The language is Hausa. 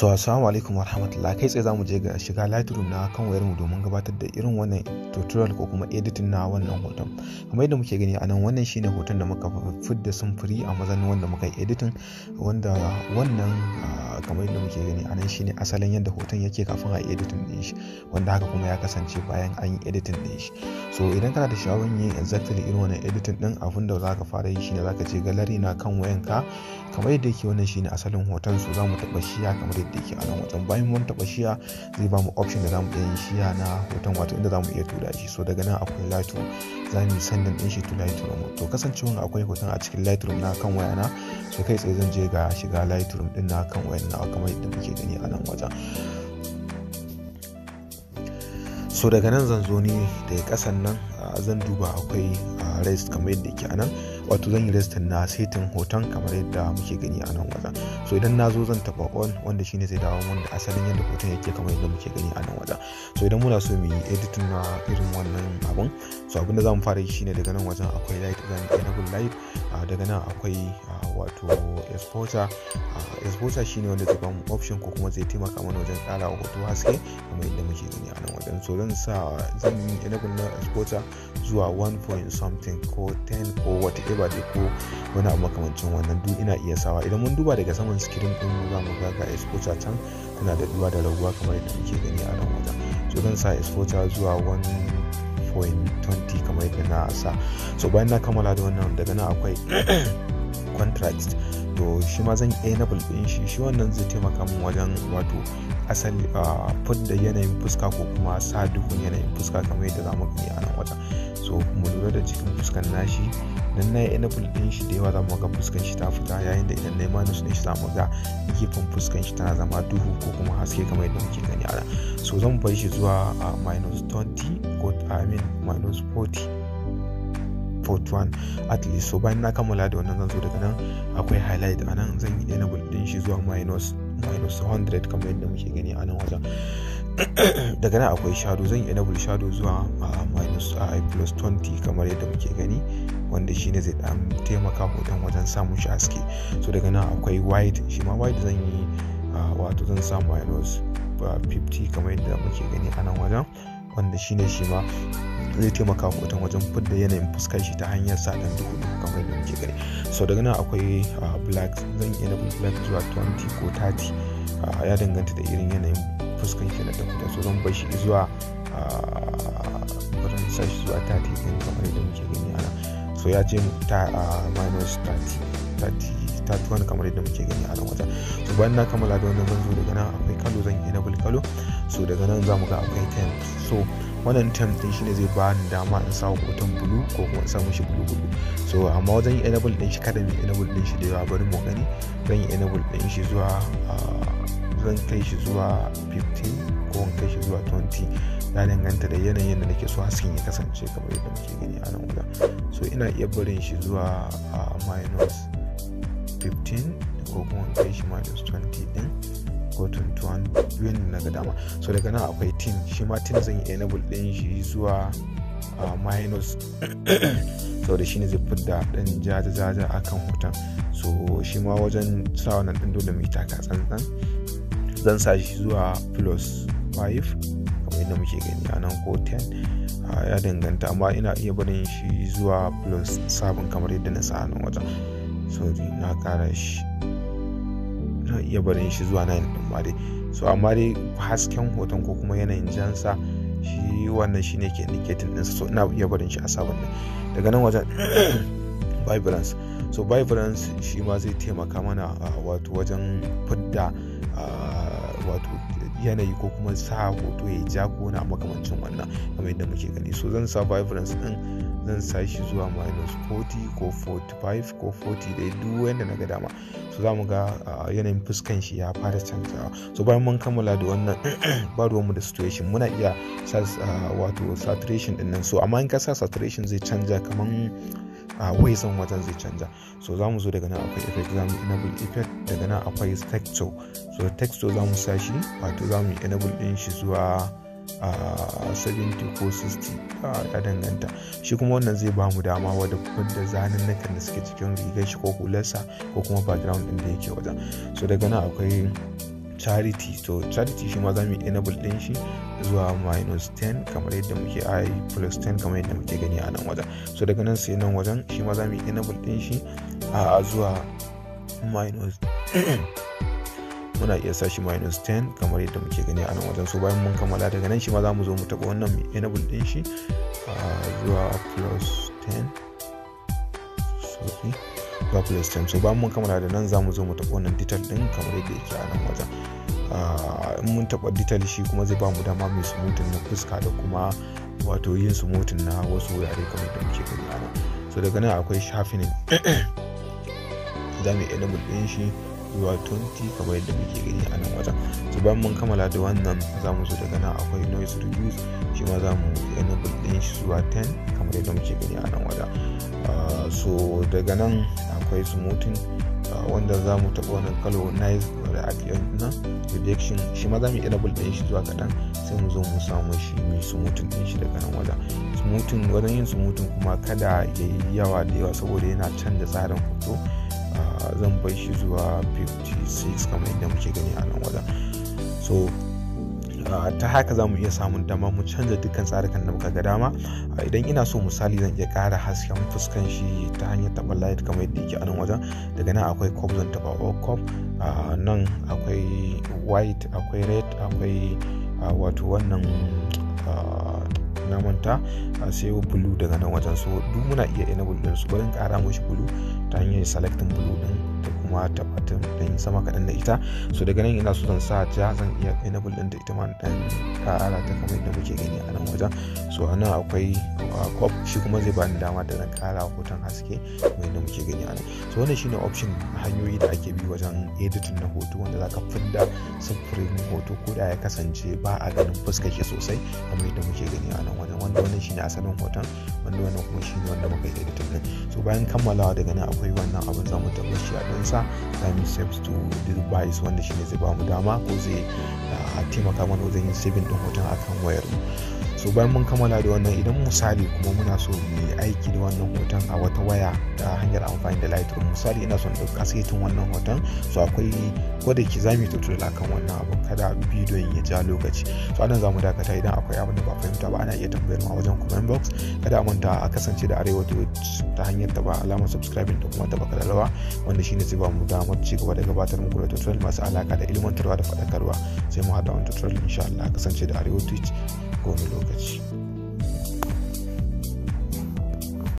so assalamu alaikum warahmatullahi kai tsaye zamu je ga shiga lightroom na kan wayar mu domin gabatar da irin wannan tutorial ko kuma editing na wannan hoton kamar yadda muke gani anan wannan shine hoton da muka fidda sunfuri a mazanin wanda muka yi editing wanda wannan ah, kamar yadda muke gani anan shine asalin yadda hoton yake kafin a editing din shi wanda haka kuma ya kasance bayan an yi editing din shi so idan kana da sha'awar yin exactly irin wannan editing din abin da zaka fara yi shine zaka je gallery na kan wayanka kamar yadda yake wannan shine asalin hoton so zamu taba shi ya kamar yadda yake a nan bayan mun taɓa shiya zai ba mu option da za mu iya shiya na hoton wato inda za mu iya tura shi so daga nan akwai lightroom za mu yi sandan ɗin shi to lightroom to kasancewa akwai hoton a cikin lightroom na kan waya na so kai tsaye zan je ga shiga lightroom ɗin na kan waya na kamar yadda muke gani a nan wajen so daga nan zan zo ne da ya kasan nan zan duba akwai race kamar yadda yake a nan wato zan yi restin na setin hoton kamar yadda muke gani a nan wajen so idan na zo zan taba on wanda shine zai dawo mun da asalin yadda hoton yake kamar yadda muke gani a nan wajen so idan muna so mu yi editing na irin wannan abun so abin da zamu fara shi shine daga nan wajen akwai light zan enable light daga nan akwai wato exporter exporter shine wanda zai mu option ko kuma zai taimaka mana wajen tsara hoto haske kamar yadda muke gani a nan wajen so zan sa zan enable na exporter zuwa 1 point something ko 10 ko whatever dai ko wani abu makamancin wannan duk ina iya sawa idan mun duba daga saman screen din mu za mu ga ga exposure can tana da duwa da raguwa kamar yadda muke gani a nan wajen so zan sa exposure zuwa 1 point 20 kamar yadda na sa so bayan na kammala da wannan daga nan akwai contract to shi ma zan enable din shi shi wannan zai taimaka min wajen wato asali da yanayin fuska ko kuma sa duhun yanayin fuska kamar yadda za mu gani a nan wajen so mu lura da cikin fuskan nashi idan na yi enable din shi da yawa za mu ga fuskan shi ta fita yayin da idan na yi minus din shi za mu ga gefen fuskan shi tana zama duhu ko kuma haske kamar yadda muke gani a nan so zan bar shi zuwa minus 20 ko i mean minus 40 part 1 at least so bayan na kammala da wannan zan zo daga nan akwai highlight a nan zan yi enable din shi zuwa minus minus 100 kamar yadda muke gani a nan wajen daga nan akwai shadow zan yi enable shadow zuwa minus i plus 20 kamar yadda muke gani wanda shi ne zai dan taimaka hoton wajen samun shi haske so daga nan akwai white shi ma white zan yi wato zan sa minus 50 kamar yadda muke gani a nan wajen wanda ne shi ma zai taimaka ku wajen wajen fidda yanayin fuskar shi ta hanyar sa dan duhu duhu kamar yadda muke gani so daga nan akwai black zan iya nufin black zuwa 20 ko 30 ya danganta da irin yanayin fuskar shi na da hoton so zan bar shi zuwa bari sa shi zuwa 30 din kamar yadda muke gani ana so ya ce ta minus 30 31 kamar yadda muke gani a nan wajen so bayan na kammala da wannan zan zo daga nan akwai kalo zan enable kalo so daga nan za mu ga akwai time so wannan term din shine zai ba ni dama in sa hoton bulu ko kuma in sa mishi blue blue so amma wajen yi enable din shi kada mu enable din shi da yawa bari mu gani zan yi enable din shi zuwa ah, zan kai shi zuwa 15 ko in kai shi zuwa 20 ya danganta da yanayin da nake so hasken ya kasance kamar yadda muke gani a nan guda so ina iya barin shi zuwa ah, minus 15 ko kuma in kai shi ma minus 20 din ko 21 na ga dama so daga nan akwai tin shi ma tin zan yi enable din shi zuwa minus so da shi ne zai fidda dan jaja-jaja akan hoton so shi ma wajen sa wannan din dole mu yi taka tsantsan zan sa shi zuwa plus 5 kamar yadda muke gani a nan ko 10 ya danganta amma ina iya barin shi zuwa plus 7 kamar yadda na sa nan wajen so na kara shi iya barin shi zuwa 9 din ma dai so amma dai hasken hoton ko kuma yanayin jansa shi wannan shi ne ke indicating ɗinsa so ina iya barin shi a sabon nan daga nan wajen vibrance so vibrance shi ma zai taimaka mana ah, wato wajen fidda ah, wato yanayi ko kuma sa hoto ya ja ko na makamancin wannan kamar yadda muke gani so zan sa vibrance din zan sa shi zuwa minus 40 ko 45 ko 40 dai duk wanda na ga dama so za mu ga yanayin fuskan shi ya fara canzawa so bayan mun kammala da wannan ba mu da situation muna iya sa wato saturation din nan so amma in ka sa saturation zai canja kaman a waisan wajen zai canza? so za mu zo daga nan akwai effect za mu enable effect daga nan akwai texture so texture za mu sa shi wato za mu enable din shi zuwa a 70 ko 60 a danganta shi kuma wannan zai ba mu dama wadda wadda zanen nakan da suke cikin rigar shi ko hularsa ko kuma background din da yake wajen so daga nan akwai charity to charity shi ma za mu enable din shi zuwa minus 10 kamar yadda muke a plus 10 kamar yadda muke gani a nan wajen so daga nan sai nan wajen shi ma za mu enable din shi a zuwa minus muna iya sa shi minus 10 kamar yadda muke gani a nan wajen so bayan mun kammala daga nan shi ma za mu zo mu taɓa wannan mu enable din shi zuwa plus 10 sorry ga play time so ba mun kammala da nan zamu zo mu taɓa wannan detail ɗin kamar yadda yake a nan wajen ah, in mun taɓa detail shi kuma zai ba mu dama mai smoothing na fuska da kuma wato yin smoothing na wasu wurare kamar da muke gani a nan so daga nan akwai shafin. za yi shi zuwa 20 kamar yadda muke gani a nan wajen Su bayan mun kammala da wannan za mu zo daga nan akwai noise reduce shi ma za mu enable din shi zuwa 10 kamar yadda muke gani a nan wajen ah, so daga nan akwai smoothing ah, wanda za mu taɓa wannan kalo nice da ake nan rejection shi ma za mu enable din shi zuwa kaɗan sai mu zo mu samu shi mai smoothing din shi daga nan wajen smoothing wajen yin smoothing kuma kada ya yi yawa da yawa saboda yana canza tsarin hoto ah, zan bai shi zuwa 56 kamar yadda muke gani a nan wajen so ta haka za mu iya samun dama mu canza dukkan tsarukan da muka ga dama idan ina so misali zan iya ƙara hasken fuskan shi ta hanyar taɓa light kamar yadda yake a nan wajen daga nan akwai cop zan taɓa all nan akwai white akwai red akwai wato wannan na manta a sayo bulu daga nan wajen so duk muna iya enable din su bari kara mushi bulu ta hanyar selecting bulu din da kuma tabbatin din sama kadan da ita so daga nan ina so zan sa ja zan iya enable din da ita ma dan kara ta kamar yadda muke gani a nan wajen so a nan akwai cop shi kuma zai bani dama da zan kara hoton haske kamar yadda muke gani a nan so wannan shine option hanyoyi da ake bi wajen editin na hoto wanda zaka fidda sufurin hoto ko da ya kasance ba a ganin fuskar sosai kamar yadda muke gani a nan hoton wanda wannan shine asalin hoton wanda wannan kuma shine wanda muka yi editing din so bayan kammalawa daga nan akwai wannan abin za mu tabbatar shi a za time steps to device wanda shine zai ba mu dama ko zai ah, taimaka mana wajen yin saving din hoton akan wayar mu so bayan mun kammala da wannan idan misali kuma muna so mu yi aiki da wannan hoton a wata waya ta hanyar amfani da lightroom misali ina son ɗauka saitin wannan hoton so akwai ko ki zami tutorial kan wannan abu kada bidiyon ya ja lokaci so anan zamu dakata idan akwai abin da ba fahimta ba ana iya tambayar mu a wajen comment box kada a manta a kasance da arewa ta hanyar taba alamar subscribe da kuma taba kararrawa wanda shine zai ba mu damar ci gaba da gabatar muku da tutorial masu alaka da ilmantarwa da faɗakarwa sai mu haɗa wani tutorial insha Allah kasance da arewa twitch ko lokaci Markets.